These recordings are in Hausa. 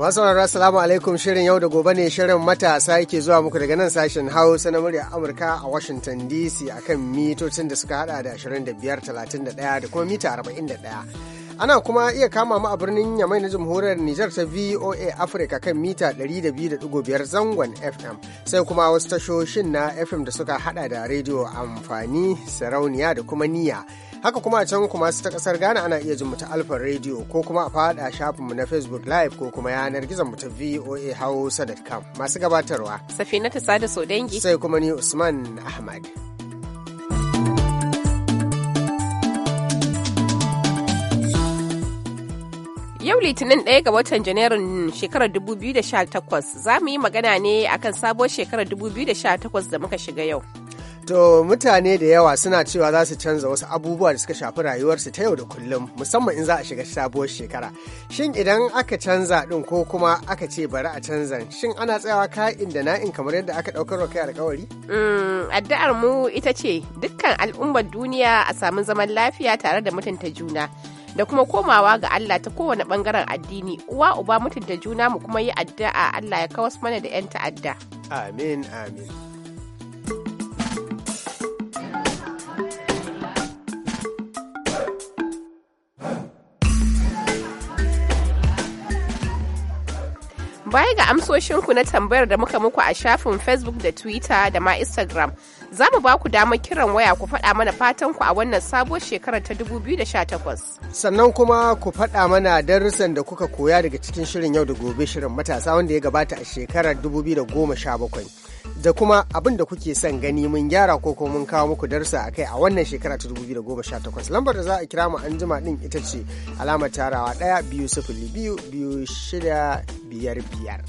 Wasu Assalamu alaikum shirin yau da gobe ne shirin matasa yake zuwa muku daga nan sashen Hausa na murya Amurka a Washington DC akan mitocin da suka hada da 25, 31 da kuma mita 41. Ana kuma iya kama mu a birnin Yamai na Jamhuriyar Nijar ta VOA Africa kan mita 200.5 zangon FM sai kuma wasu tashoshin na FM da suka hada da rediyo amfani sarauniya da kuma niyya. haka kuma a can kuma su ta kasar Ghana ana iya jin mu ta Alfa Radio ko kuma a fada shafin mu na Facebook Live ko kuma yanar gizon mu ta VOA Hausa.com masu gabatarwa Safina ta sada dangi. sai kuma ni Usman Ahmad Yau Litinin ɗaya ga watan Janairun shekarar 2018 za mu yi magana ne akan sabuwar shekarar 2018 da muka shiga yau. To mutane da yawa suna cewa za su canza wasu abubuwa da suka shafi rayuwarsu ta yau da kullum musamman in za a shiga sabuwar shekara. Shin idan aka canza ɗin ko kuma aka ce bari a canza shin ana tsayawa ka'in da na'in kamar yadda aka ɗaukar wa kai alkawari? Mm, addu'ar mu ita ce dukkan al'ummar duniya a samu zaman lafiya tare da mutunta juna. da kuma komawa ga Allah ta kowane bangaren addini uwa uba mutunta juna mu kuma yi addu'a Allah ya kawas mana da 'yan ta'adda. Amin amin. Baya ga amsoshinku na tambayar da muka muku a shafin Facebook da Twitter da ma Instagram, za mu ba ku damar kiran waya ku faɗa mana fatan ku a wannan sabuwar shekarar ta 2018. Sannan kuma ku faɗa mana darussan da kuka koya daga cikin shirin yau da gobe shirin matasa wanda ya gabata a shekarar 2017. da kuma abin da kuke son gani mun gyara ko kuma mun kawo muku darsa a kai a wannan shekara ta 2018 lambar da za a kira mu an jima din ita ce alamar tarawa ɗaya biyu sifili biyu biyu shida biyar biyar.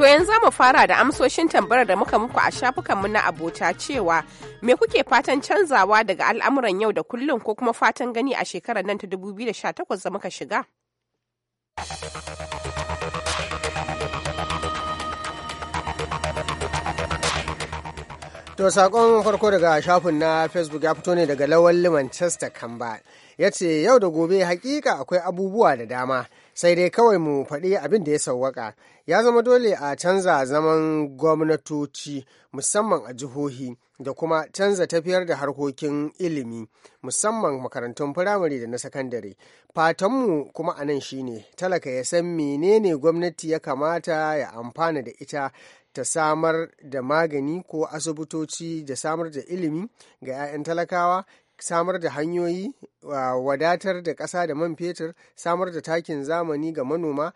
To yanzu za mu fara da amsoshin tambara da muka muku a shafukanmu na abota cewa me kuke fatan canzawa daga al'amuran yau da kullum ko kuma fatan gani a shekarar nan ta 2018 da muka shiga? To sakon farko daga shafin na Facebook ya fito ne daga Lawal Manchester Kamba. Ya ce yau da gobe hakika akwai abubuwa da dama sai dai kawai mu faɗi abin da ya sauwaka ya zama dole a canza zaman gwamnatoci musamman a jihohi da kuma canza tafiyar da harkokin ilimi musamman makarantun firamare da na sakandare fatanmu kuma a nan shine talaka ya san menene gwamnati ya kamata ya amfana da ita ta samar da magani ko asibitoci da samar da ilimi ga 'ya'yan talakawa samar da hanyoyi wadatar da ƙasa da man fetur samar da takin zamani ga manoma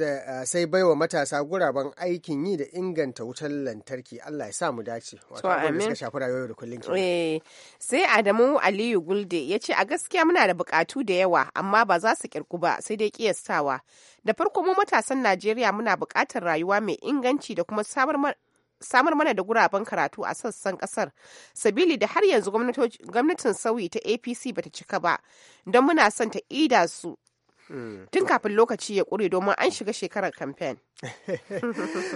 eh, sai baiwa matasa guraben aikin yi da inganta wutar lantarki allah ya sa mu dace wato suka shafi rayuwar da kullum eh, sai adamu aliyu gulde ya ce a gaskiya muna da bukatu da yawa amma ba za su kirku ba sai dai kiyastawa da farko mu matasan najeriya muna buƙatar rayuwa mai inganci da kuma samar samar mana da guraben karatu a sassan kasar sabili da har yanzu gwamnatin sauyi ta apc ba ta cika ba don muna son ta ida su hmm, tun kafin lokaci ya ƙure domin an shiga shekarar kamfen.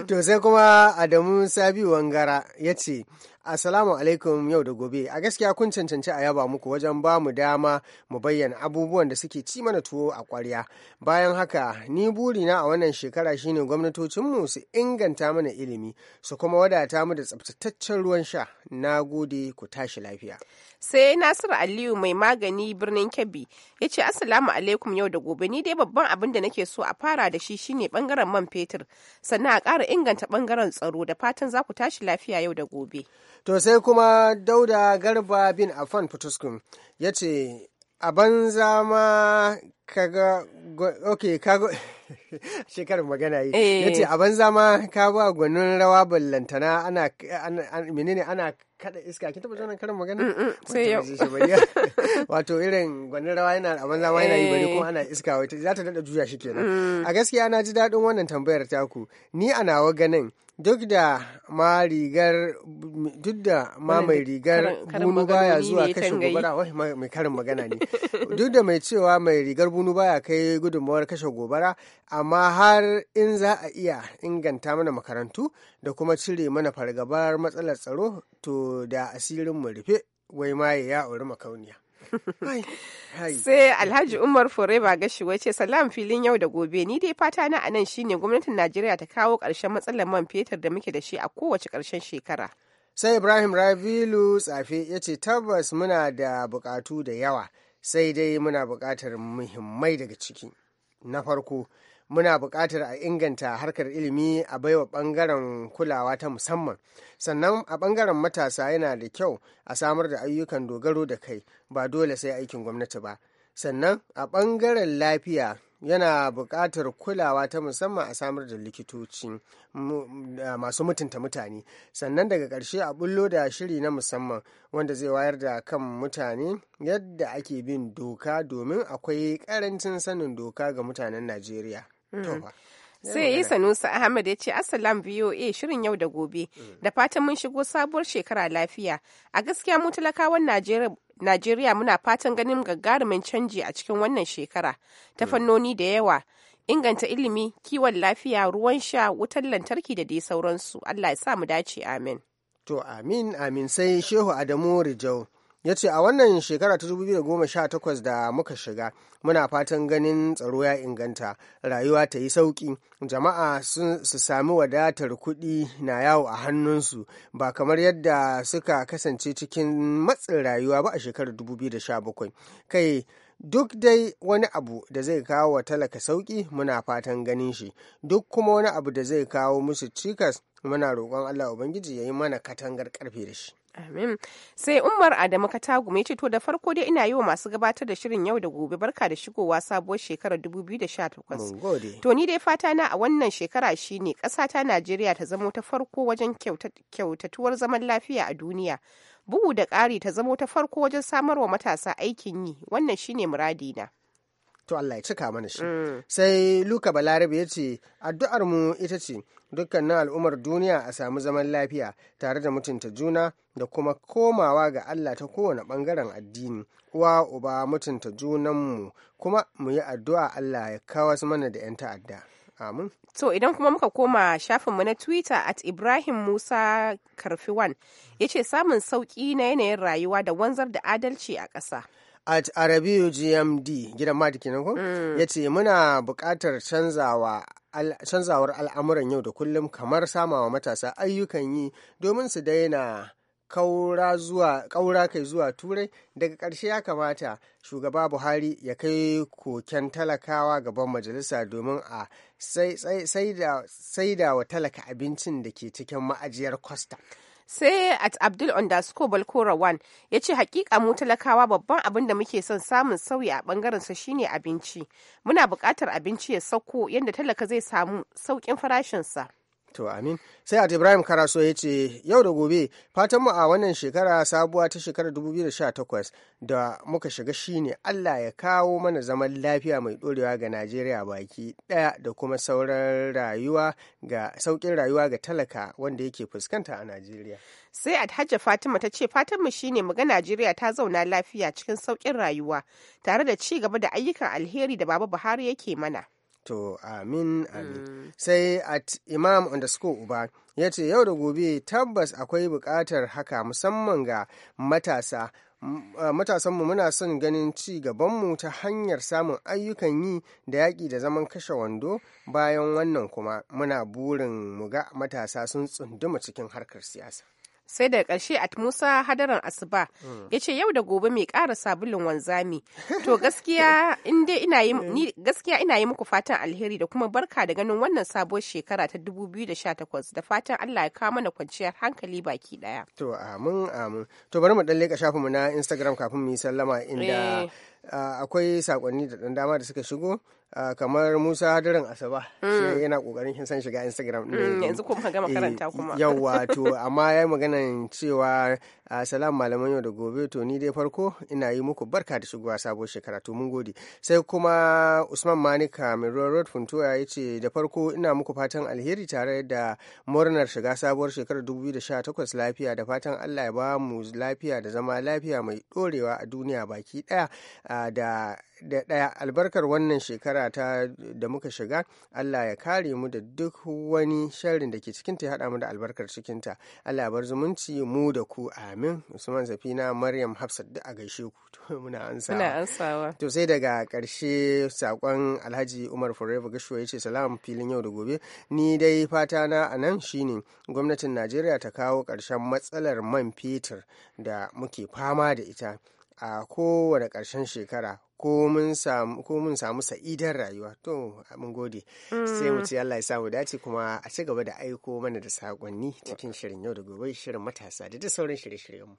to sai kuma Adamu Sabi Wangara ya ce, Assalamu alaikum yau da gobe, a gaskiya kun cancanci a yaba muku wajen ba mu dama mu bayyana abubuwan da suke ci mana tuwo a kwarya Bayan haka, ni burina a wannan shekara shine gwamnatocinmu su inganta mana ilimi, su kuma wadata mu da tsabtataccen ruwan sha. Na gode ku tashi lafiya. Sai Nasiru Aliyu mai magani birnin Kebbi ya ce, Assalamu alaikum yau da gobe, ni dai babban abin da nake so a fara da shi shine bangaren man fetur. fetur sannan a ƙara inganta ɓangaren tsaro da fatan za ku tashi lafiya yau da gobe. To sai kuma Dauda Garba bin Afan Fituskun ya ce a banza ma kaga ok kaga shekarar magana yi ya ce a banza ma ka ba gwanin rawa ballantana ana menene ana kada iska kin taba jona karin magana mm, mm, sai yau wato irin gwanin rawa yana a banza ma yana yi bari kuma eh. ana iska wata za ta dada juya shi kenan mm. a gaskiya na ji daɗin wannan tambayar taku ni a nawa ganin duk da ma rigar duk da ma mai rigar bunu baya zuwa kashe gobara wai mai karin magana ne duk da mai cewa mai rigar bunu baya kai gudunmawar kashe gobara amma har in za a iya inganta mana makarantu da kuma cire mana fargabar matsalar tsaro to da asirin mu rufe wai ma ya auri makauniya Sai Alhaji Umar Foreba gashi wace salam filin yau da gobe ni dai fata na anan shine gwamnatin Najeriya ta kawo ƙarshen matsalar man fetur da muke da shi a kowace ƙarshen shekara. Sai Ibrahim Rabilu tsafe ya ce tabbas muna da buƙatu da yawa sai dai muna buƙatar muhimmai daga ciki. Na farko muna buƙatar a inganta harkar ilimi a baiwa ɓangaren kulawa ta musamman sannan a ɓangaren matasa yana da kyau a samar da ayyukan dogaro da kai ba dole sai aikin gwamnati ba sannan a ɓangaren lafiya yana buƙatar kulawa ta musamman a samar da likitoci masu mutunta mutane sannan daga ƙarshe a bullo da shiri na musamman wanda zai wayar da kan mutane yadda ake bin doka domin akwai ƙarancin sanin doka ga mutanen najeriya Mm. sai yi sanusa ahmad ya ce assalam voa shirin yau da gobe mm. da fatan mun shigo sabuwar shekara lafiya a gaskiya mu talakawan najeriya muna fatan ganin gagarumin canji a cikin wannan shekara ta mm. fannoni da yawa inganta ilimi kiwon lafiya ruwan sha wutar lantarki da dai sauransu allah ya sa mu dace amin to amin amin sai shehu adamu rijau ya ce a wannan shekara ta 2018 da muka shiga muna fatan ganin tsaro ya inganta rayuwa ta yi sauƙi jama'a su sami wadatar kuɗi na yawo a hannunsu ba kamar yadda suka kasance cikin matsin rayuwa ba a shekarar 2017 kai duk dai wani abu da zai kawo wa talaka sauƙi muna fatan ganin shi duk kuma wani abu da zai kawo musu cikas muna roƙon allah ubangiji ya yi mana katangar ƙarfe da shi Amin. Sai Umar Adamu Katagu mai to da farko dai ina yi wa masu gabatar da shirin yau da gobe barka da shigowa sabuwar shekarar 2018. To ni dai fata na a wannan shekara shine ƙasata Najeriya ta zamo ta farko wajen kyautatuwar zaman lafiya a duniya. Bugu da ƙari ta zamo ta farko wajen samarwa matasa aikin yi wannan shine muradina. to Allah ya cika mana shi mm. sai Luka Balarabe ya ce addu'ar mu ita ce dukkanin al'ummar duniya a samu zaman lafiya tare da mutunta juna da kuma komawa ga Allah ta kowane ɓangaren addini uwa uba mutunta junanmu kuma mu yi addu'a Allah ya kawas mana da 'yan ta'adda amin to idan kuma muka koma shafinmu na twitter at ibrahim musa karfiwan ya ce samun sauƙi na yanayin rayuwa da wanzar da adalci a ƙasa at arabiyu gmd gidan madi kenan ko mm. ya ce muna buƙatar canzawa canzawar al'amuran yau da kullum kamar samawa matasa ayyukan yi domin su daina kaura kai zuwa turai daga ƙarshe ya kamata shugaba buhari ya kai koken talakawa gaban majalisa domin a saida wa talaka abincin da ke cikin ma'ajiyar costa sai at abdul underscore balkora one ya ce hakika mu talakawa babban abin da muke son samun sauyi a bangaren sa shine abinci muna buƙatar abinci ya sauko yadda talaka zai samu sauƙin farashinsa To amin. Sai at Ibrahim Karaso ya ce yau da gobe fatan mu a wannan shekara sabuwa ta shekarar 2018 da muka shiga shine Allah ya kawo mana zaman lafiya mai dorewa ga Najeriya baki daya da kuma sauran rayuwa ga saukin rayuwa ga talaka wanda yake fuskanta a Najeriya. Sai at Hajja Fatima ta ce fatan mu shine mu ga Najeriya ta zauna lafiya cikin saukin rayuwa tare da ci gaba da ayyukan alheri da Baba Buhari yake mana. To amin amin. Hmm. Sai at imam underscore uba ya ce yau da gobe tabbas akwai buƙatar haka musamman ga matasa matasanmu muna son ganin ci gabanmu ta hanyar samun ayyukan yi da yaƙi da zaman kashe wando bayan wannan kuma muna burin mu ga matasa sun tsunduma cikin harkar siyasa. sai daga ƙarshe at musa hadaran asuba mm. ya ce yau da gobe mai ƙara sabulin wanzami to mm. gaskiya ina yi muku fatan alheri da kuma barka da ganin wannan sabuwar shekara ta 2018 da fatan allah ya kawo mana kwanciyar hankali baki daya to amin amin to bari mu dan leka shafinmu na instagram kafin mu yi sallama inda eh. akwai sakonni da dan dama da suka shigo Ah, kamar Musa Hadirin Asaba shi mm. yana kokarin kin san shiga Instagram Mm, yanzu kuma ga makaranta eh, kuma Yau to amma yayi maganan cewa ah, salam malaman yau da gobe to ni dai farko ina yi muku barka da shigowa sabon shekara to mun gode sai kuma Usman Manika Mirror Road Funtuwa ce da farko ina muku fatan alheri tare da murnar shiga sabuwar shekarar 2018 lafiya da fatan Allah ya ba mu lafiya da zama lafiya mai dorewa a duniya baki daya ah, da da ɗaya albarkar wannan shekara ta da muka shiga Allah ya kare mu da duk wani sharrin da ke cikinta ya haɗa mu da albarkar cikinta Allah ya bar zumunci mu da ku amin Usman Safina Maryam Hafsat duk a gaishe ku to muna ansawa muna ansawa to sai daga karshe sakon Alhaji Umar Forever Gashuwa yace salam filin yau da gobe ni dai fata na anan shine gwamnatin Najeriya ta kawo ƙarshen matsalar man fetur da muke fama da ita a kowane ƙarshen shekara ko mun samu sa'idar rayuwa to mun gode sai mu mm. ce Allah ya samu dace kuma a ci gaba da aiko mana da sakonni cikin shirin yau da gobe shirin matasa da duk sauran shirye-shiryenmu.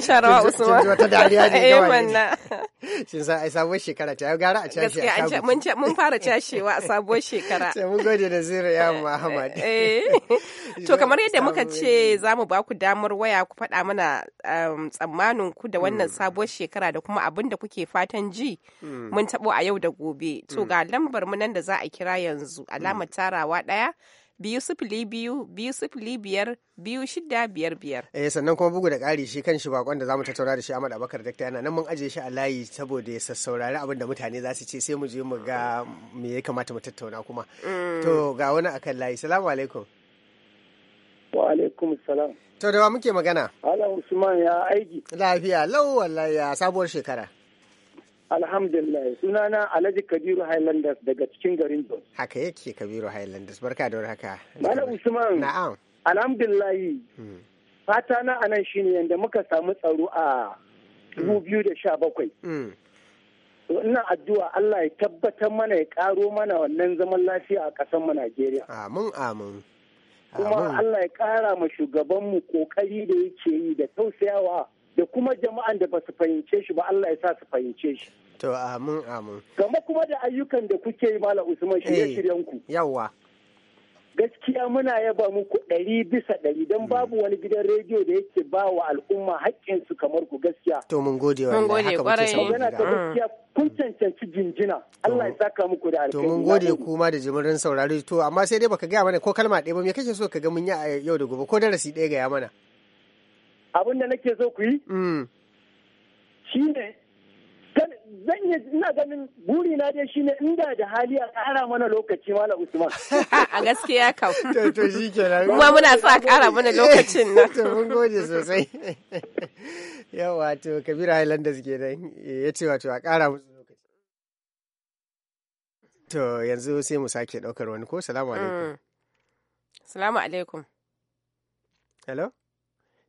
Abin sharawa Usman. Wata dariya ne ga wani. Shin sa ai sabuwar shekara ta gara a cashe a shago. Gaskiya mun fara cashewa a sabuwar shekara. Sai mun gode da zira ya eh, Muhammad. Eh, eh. To kamar yadda muka ce za mu ba ku damar waya ku faɗa mana um, tsammanin ku da wannan hmm. sabuwar shekara da kuma abin da kuke fatan ji hmm. mun taɓo a yau da gobe. To hmm. ga lambar mu nan da za a kira yanzu alamar tarawa ɗaya biyu sifili biyu biyu sifili biyar biyu shida biyar biyar. Eh sannan kuma bugu da ƙari shi kan shi bakon da zamu tattauna da shi Ahmad Abakar Dakta yana nan mun aje shi a layi saboda ya saurari abin da mutane za su ce sai mu je mu ga me ya kamata mu tattauna kuma. Mm. To ga wani akan layi. Salamu alaikum. Wa alaikum salam. To da wa muke magana? Ala Usman ya aiki. Lafiya lau wallahi ya sabuwar shekara. Alhamdulillah sunana Alhaji Kabiru Highlanders daga cikin garin Jos. Haka yake Kabiru Highlanders barka da warhaka. Malam Usman. Na'am. Alhamdulillah. Hmm. Fata na anan shine yanda muka samu tsaro a 2017. Hmm. Hmm. Ina addu'a Allah ya tabbatar mana ya karo mana wannan zaman lafiya a ƙasar mu Najeriya. Amin amin. Kuma Allah ya kara ma shugabanmu kokari da yake yi da tausayawa da kuma jama'an da ba su fahimce shi ba Allah ya sa su fahimce shi. To amin amin. Kama kuma da ayyukan da kuke yi Malam Usman shirye-shiryen ku. Eh, yawwa. Gaskiya muna yaba muku ɗari bisa ɗari don hmm. babu wani gidan rediyo da yake ba wa al'umma haƙƙinsu kamar ku gaskiya. To mun gode wa haka muke gaskiya kun cancanci jinjina Allah ya saka muku da alkhairi. To mun gode kuma da jimirin saurari to amma sai dai baka gaya mana ko kalma ɗaya ba me kake so ka ga mun yi a yau da gobe ko darasi ɗaya gaya mana. Abin da nake so ku yi. Hmm. Shi ne zan iya ina ganin buri na dai shine inda da hali a kara mana lokaci mala usman a gaskiya kam to to shikenan kuma muna sa a kara mana lokacin na to mun gode sosai yawa to kabira highlanders kenan ya ce wato a kara musu lokaci to yanzu sai mu sake daukar wani ko salamu alaikum mm. salamu alaikum hello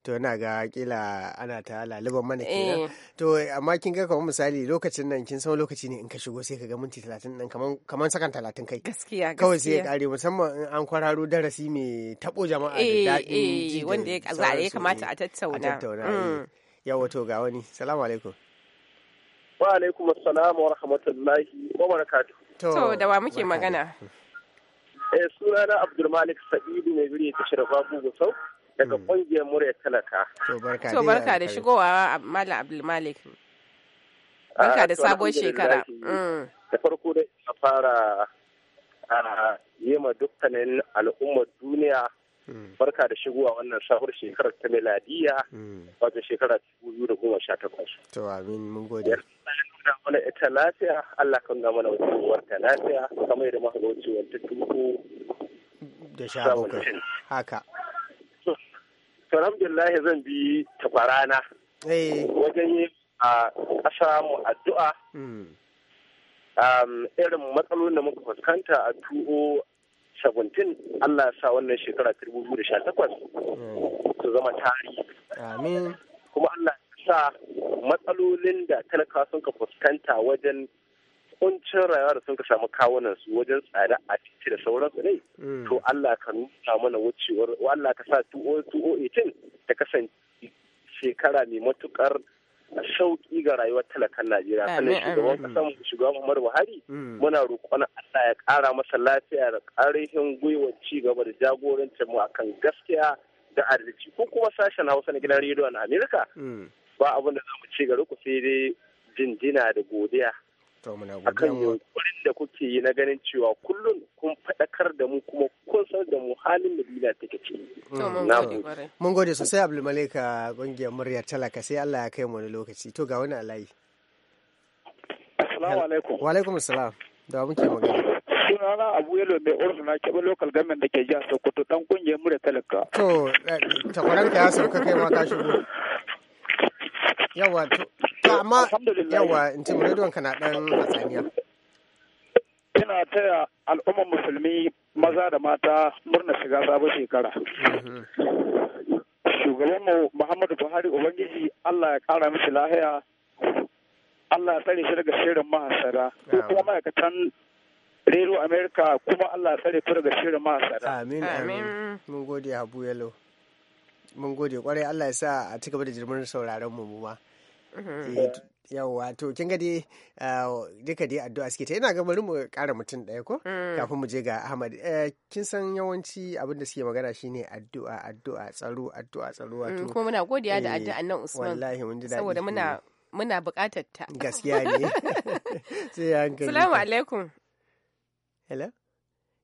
to yana ga kila ana ta laliban mana kenan eh. to amma kin ga kamar misali lokacin nan kin san lokaci ne in ka shigo sai ka ga minti 30 nan kaman kaman sakan 30 kai gaskiya kawai sai ya kare musamman in an kwararo darasi mai tabo jama'a da eh, daɗi eh, wanda ya kamata a tattauna a tattauna mm. yawa to ga wani salamu alaikum wa alaikum assalam wa rahmatullahi wa barakatuh to da wa muke magana eh sunana abdulmalik sa'idu ne biri ta shirfa sau daga kungiyar hmm. murya talaka. To barka da shigowa Malam Abdulmalik. Barka da ah, sabon shekara. Hmm. Da farko da a fara a yi ma dukkanin al'ummar duniya hmm. barka da shigowa wannan sabuwar shekarar ta miladiya wato shekara takwas. To amin mun gode. nuna mana ita lafiya Allah kan nuna mana wucewar ta lafiya kamar yadda mahalocin wata wucewar tuko da sha haka. to alhamdulillah zan bi takwarana eh. wajen yi a ƙasa mu addu'a hmm. irin matsalolin da muka fuskanta a tu'o oh sabuntin Allah sa wannan shekara ta hmm. su zama tarihi. Kuma Allah sa matsalolin da talakawa sun ka fuskanta wajen kuncin rayuwa da sun ka samu kawunan su wajen tsada a titi da sauransu ne mm. to Allah ka nuna mana wucewar Allah ka sa 2018 ta kasance shekara mai matukar sauƙi ga rayuwar talakan Najeriya sannan shugaban kasan shugaban mara Buhari mm. muna roƙon Allah ya ƙara masa lafiya da ƙarihin gwiwar ci gaba da jagorancin mu akan gaskiya da arziki ko kuma sashen Hausa na gidan rediyo na Amerika mm. ba abin da za mu ci gari ku sai dai jinjina da godiya akan da kuke yi na ganin cewa kullum kun faɗakar da mu kuma kun san da mu halin da duniya take ciki. Mm. Mun gode sosai Abdulmalika ƙungiyar muryar talaka sai Allah ya kai mu wani lokaci to ga wani alayi. Assalamu alaikum. Wa alaikum assalam. Da muke magana. sunana abu yalo mai orsu na keɓe lokal gamen da ke jihar sokoto dan kungiyar mura talaka to eh, takwaranka ya sauka kai ma ka shigo amma yawa in ce ka na ɗan hatsaniya. Ina taya al'umma musulmi maza da mata murna shiga sabon shekara. Mm-hmm. Shugabanmu Muhammadu Buhari Ubangiji Allah ya kara mishi lahiya Allah ya tsare shi daga shirin mahasara ko kuma ma'aikatan Rero Amerika kuma Allah ya tsare ku daga shirin mahasara. Amin amin. Mun gode Habu Yalo. Mun gode kwarai Allah ya sa a cigaba da jirgin sauraron mu ma. Mm-hmm. Eh, yawwa to kin ga dai ah, duka dai addu'a suke ta ina ga bari mu kara mutum ɗaya ko mm. kafin mu je ga Ahmad eh, kin san yawanci abin da suke magana shine addu'a addu'a tsaro addu'a tsaro mm, wato kuma muna godiya da eh, addu'an nan Usman wallahi mun ji dadi saboda muna muna buƙatar ta gaskiya ne sai hankali assalamu alaikum hello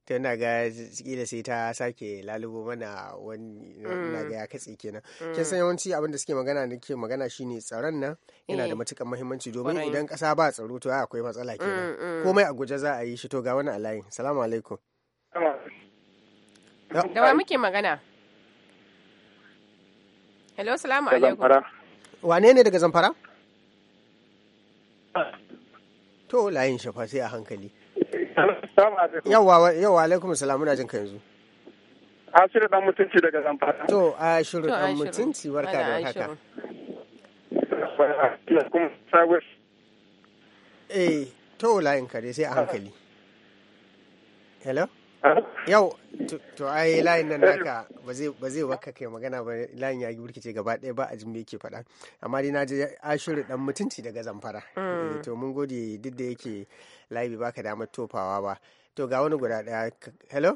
to ga kila sai ta sake lalubo mana wani na mm. ga ya katse kenan mm. kin san yawanci abin da suke magana da ke magana shine tsaron nan yana da eh. matukar muhimmanci domin idan kasa ba tsaro to akwai matsala mm, kenan komai a guje za a yi shi to ga wani alayin assalamu alaikum da wa muke magana hello assalamu alaikum wane ne daga zamfara ah. to layin shafa sai a hankali Yawa yawa alaikum salam muna jin ka yanzu. shirin dan mutunci daga Zamfara. To a shirin dan mutunci barka da haka. Eh, eh to layin kare sai a hankali. Hello? Yau, to ai layin nan naka ba zai baka kai magana ba layin ya burkice gaba ɗaya ba a jin me yake faɗa. Amma dai na je ashirin dan mutunci daga zamfara. Mm. Eh, to mun gode duk da yake layi bai baka damar tofawa ba. To ga wani guda ɗaya. Hello?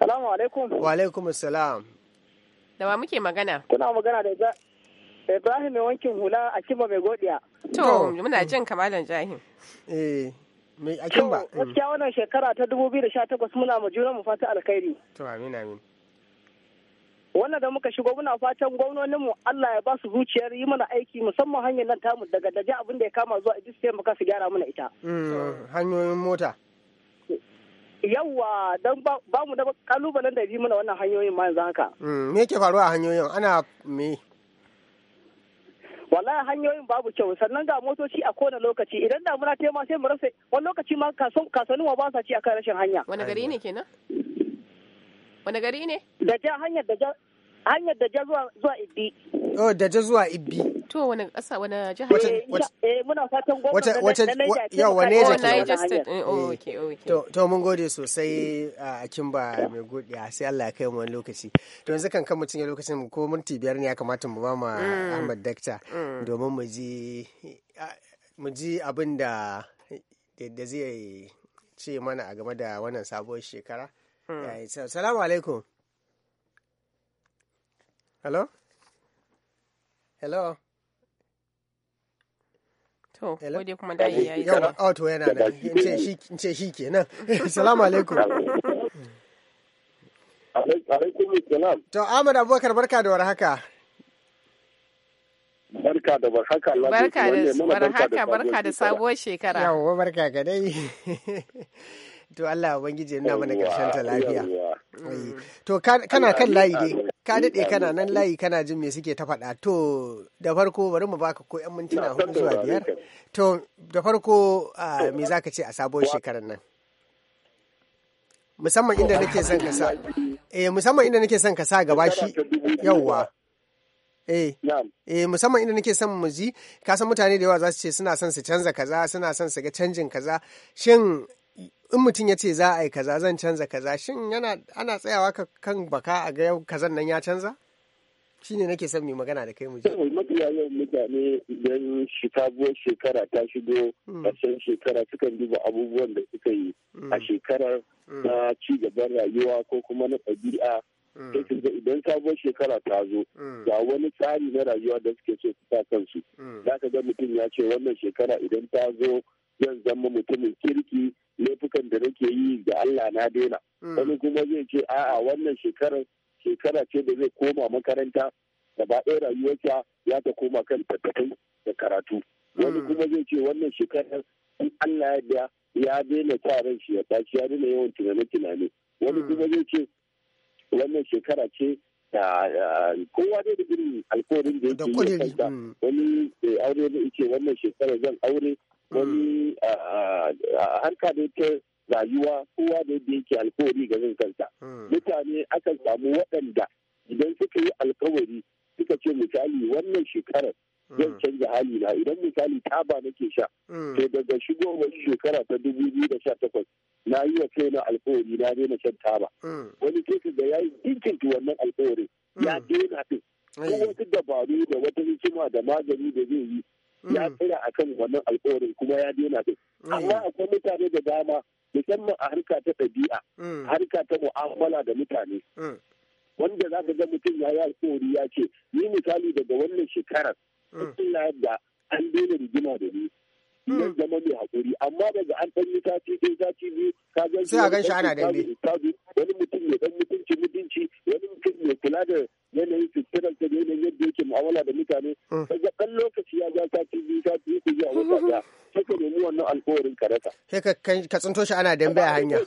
Salamu alaikum. Wa alaikum salam. Da wa muke magana? Kuna magana da Ibrahim mai wankin hula a kima mai godiya. To, muna jin kamalan Jahim. Eh. mai akin ba mm. gaskiya wannan shekara ta 2018 muna ma juna mu fata alkhairi to amin amin wannan da muka shigo muna fatan gwamnonin mu Allah ya ba su zuciyar yi mana aiki musamman hanyar nan tamu daga daji abin da ya kama zuwa Idris sai muka su gyara mana ita mm, hanyoyin mota yawwa don ba mu da kalubalen da yi mana wannan hanyoyin ma yanzu haka mm, me yake faruwa a hanyoyin ana me wallahi hanyoyin babu kyau sannan ga motoci a kowane lokaci idan da muna ma sai mu rasa wani lokaci ma kasuwannin wa ba sa ci akan rashin hanya wani gari ne kenan wani gari ne da ja hanyar da ja hanyar da ja zuwa zuwa iddi Oh, da ta zuwa Ibbi. To wani ƙasa wani jihar? Eh, eh muna fatan gwamnati wata yawa ne da ke eh, oh, eh. ok, ok. To mun gode sosai a Kimba mai godiya sai Allah ya kai mu wani lokaci. To yanzu kan kan mutum ya lokacin ko minti biyar ne ya kamata mu ba ma mm. Ahmad Dakta mm. domin mu ji mu ji abin da da zai ce mana a game da wannan sabuwar shekara. Mm. Salamu alaikum. Hello? hello To, kuma da yi oh, to yana in ce shi kenan. alaikum. Alaikum salam. To, Ahmad Abubakar barka da warhaka. Barka da warhaka. Barka da barka da sabuwar shekara. Yawa, barka ga dai. To, Allah Ubangiji yana mana karshen ta lafiya. To, kana kan layi dai. ka daɗe kana nan layi kana jin me suke ta faɗa to da farko bari mu baka ko 'yan mintuna hudu zuwa biyar to da farko me za ka ce a sabon shekarar nan musamman inda nake son ka sa eh musamman inda nake son ka sa gaba shi yauwa Eh, eh musamman inda nake son mu ji, ka san mutane da yawa za su ce suna son su canza kaza, suna son su ga canjin kaza. Shin in mutum ya ce za a yi kaza zan canza kaza shin yana ana tsayawa kan baka a ga yau kazan nan ya canza shine nake son mai magana da kai mu mafiya yawan mutane idan shikabuwar shekara ta shigo hmm. ƙarshen shekara sukan duba abubuwan da suka yi hmm. a shekarar hmm. na ci gaban rayuwa ko kuma na ɗabi'a sai ga idan sabuwar shekara ta zo ga wani tsari na rayuwa da suke so su sa kansu za ka ga mutum ya ce wannan shekara idan ta zo zan zama mutumin kirki laifukan da nake yi ga Allah na daina hmm. wani kuma zai ce a'a wannan shekarar shekara ce da zai koma makaranta Da ba ɗaya rayuwarsa ya ta koma kan tattafai da karatu hmm. wani kuma zai ce wannan shekarar in Allah ya da ya daina sa shi ya tashi ya daina yawan tunane-tunane wani hmm. kuma zai ce wannan shekara ce eh, kowa zai da irin alkawarin da yake yi kanta wani eh, aure da yake wannan shekarar zan aure wani hmm. harka ne ta rayuwa kowa da yadda yake alkawari ga zan kansa hmm. mutane aka samu waɗanda idan suka yi alkawari suka ce misali wannan shekarar hmm. zan canza hali na idan misali taba nake sha to daga shigowar shekara ta dubu biyu da sha takwas na yi wa kaina alkawari na daina shan taba wani ke da ya yi ki wannan alkawarin ya daina din ko wasu dabaru da wata hikima da magani da zai yi ya mm. tsira kan wannan alkawarin kuma ya daina din mm. amma akwai mutane da dama musamman a harka ta ɗabi'a mm. harka ta mu'amala da mutane wanda za ka ga mutum ya yi alkawari ya ce ni misali daga wannan shekarar Allah yadda an daina rigima da ni ya zama mai haƙuri amma daga an ɗan yi sati ɗin sati biyu ka ga sai a ganshi ana dande. wani mutum mai ɗan mutunci mutunci wani mutum mai kula da yanayin fitirar da yanayin yadda yake mu'amala da mutane ga ɗan lokaci ya ja ci biyu ta ci uku zuwa wata ɗaya sai ka nemi wannan alkawarin ka raka. sai ka ka tsinto shi ana dambe a hanya.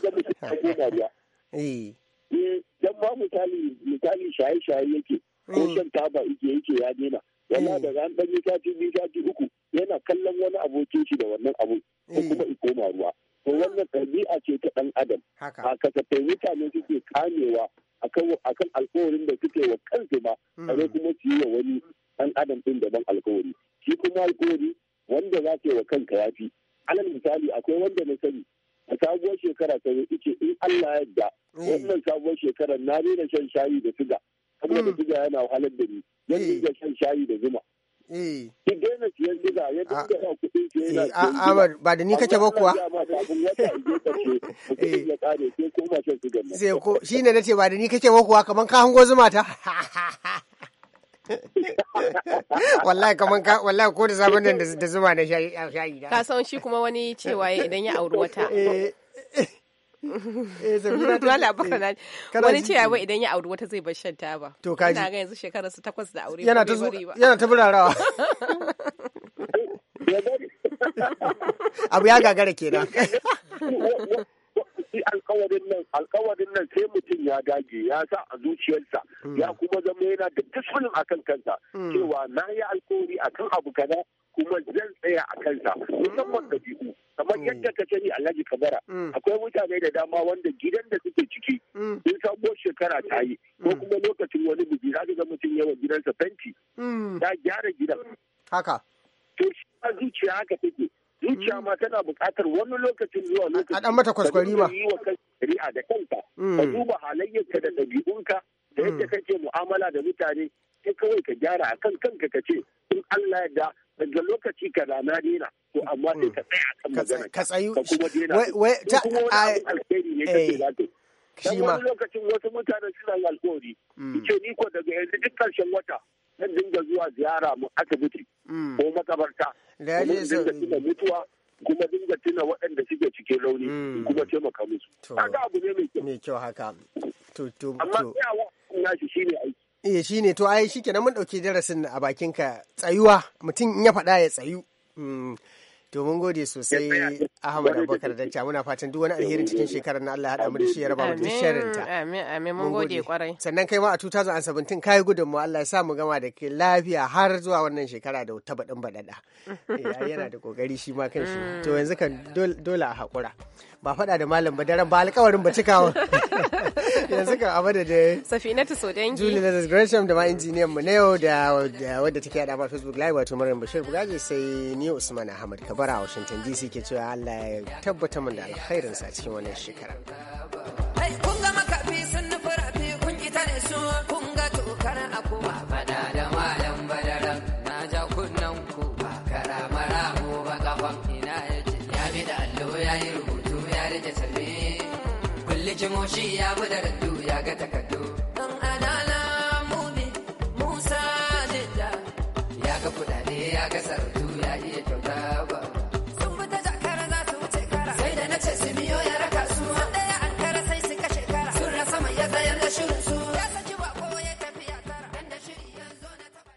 dan ba misali misali shaye shaye yake ko eh. shan taba yake yake ya daina yana eh. da ran ɗan ta ci biyu ta ci uku yana kallon wani abokin shi da wannan abu ko kuma eh. koma ruwa. to wannan ɗabi'a ce ta ɗan adam Haka. a kasafai mutane suke kamewa akan alkawarin da suke wa kansu ba hmm. a kuma su yi wa wani ɗan adam ɗin daban alkawari shi kuma alkawari wanda za ka yi wa kanka ya fi alal misali akwai wanda na sani a sabuwar shekara ta zo ice in Allah ya yarda mm. wannan sabuwar shekarar na daina shan shayi da siga saboda mm. siga yana wahalar da ni yan mm. dinga shan shayi da zuma Ki daina siyan siga ya ah. dinga sa kuɗin siya yana eh, siyan ah, ba da ni kake ba kuwa. Eh. Sai ko shi ne na ce ba da ni kake ba kuwa kamar ka hango zuma ta. wallahi kaman ka wallahi ko da sabon da da zuma na shayi shayi ka san shi kuma wani cewa idan ya auri wata eh. Eh, eh, wani cewa wai idan ya auri wata zai bar shan taba to kaji ina ga yanzu shekarar su takwas da aure yana ta yana ta burarawa abu ya gagara kenan shi alkawarin nan alkawarin nan sai mutum ya dage ya sa a zuciyarsa hmm. ya kuma zama yana da a kan kansa hmm. cewa na yi alkawari akan abu kaza kuma zan tsaya a kansa musamman hmm. ga biyu kamar yadda ka sani alhaji kabara akwai mutane da dama wanda gidan da suke ciki sun sabo shekara ta yi ko kuma lokacin wani bugi za ga mutum yawan gidansa fenti ya gyara gidan haka to shi zuciya haka take zuciya mm. ma tana buƙatar wani lokacin zuwa lokacin a dan mata kwaskwari ma yi wa shari'a da kanta mm. ka duba halayyarka da ɗabi'unka da yadda mm. kake mu'amala da mutane sai kawai ka gyara a kan kanka ka ce in Allah ya daga lokaci ka na na dena. to amma sai ka tsaya kan magana ka tsayu ka kuma kuma wai ta alheri ne kake zaka eh, dan wani lokacin wasu mutane suna alƙawari ce ni ko daga yanzu duk karshen wata zan dinga zuwa ziyara mu asibiti mm. ko makabarta domin dinga tuna mutuwa kuma dinga tuna waɗanda suke cike launi mm. kuma taimaka musu haka abu ne mai kyau haka to to amma na shi shine aiki eh, shi ne, to ai shi kenan mun dauki darasin a bakinka tsayuwa mutum in ya faɗa ya tsayu mm. To mun gode sosai Ahmad Abubakar ta muna fatan duk wani alherin cikin shekarar na Allah ya haɗa mu da shi ya raba mu da sharin ta. Amin amin mun gode kwarai. Sannan kai ma a 2017 kai gudun mu Allah ya sa mu gama da ke lafiya har zuwa wannan shekara da ta baɗin baɗaɗa. Eh, yana da kokari shi ma kan shi. Mm. To yanzu kan dole a haƙura. Ba faɗa da malam ba daren ba alƙawarin ba cikawa. Yanzu kan a Safina Safinatu Sodangi. Julie Lazarus Gresham da ma injiniyan mu na yau da wadda take yaɗa ma Facebook Live wato Maryam Bashir Bugaji sai ni Usman Ahmad Kabar. kabara a washington dc ke cewa allah ya tabbata min da alkhairinsa a cikin wannan shekara kun ga makafi sun nufi rafi kun ita ne su kun ga tokar a kuma da malam badaran na ja ku ba mara ko ba kafan ina ya ce ya bi da allo ya yi rubutu ya rage talle kulli kimoshi ya bi da ya ga takardu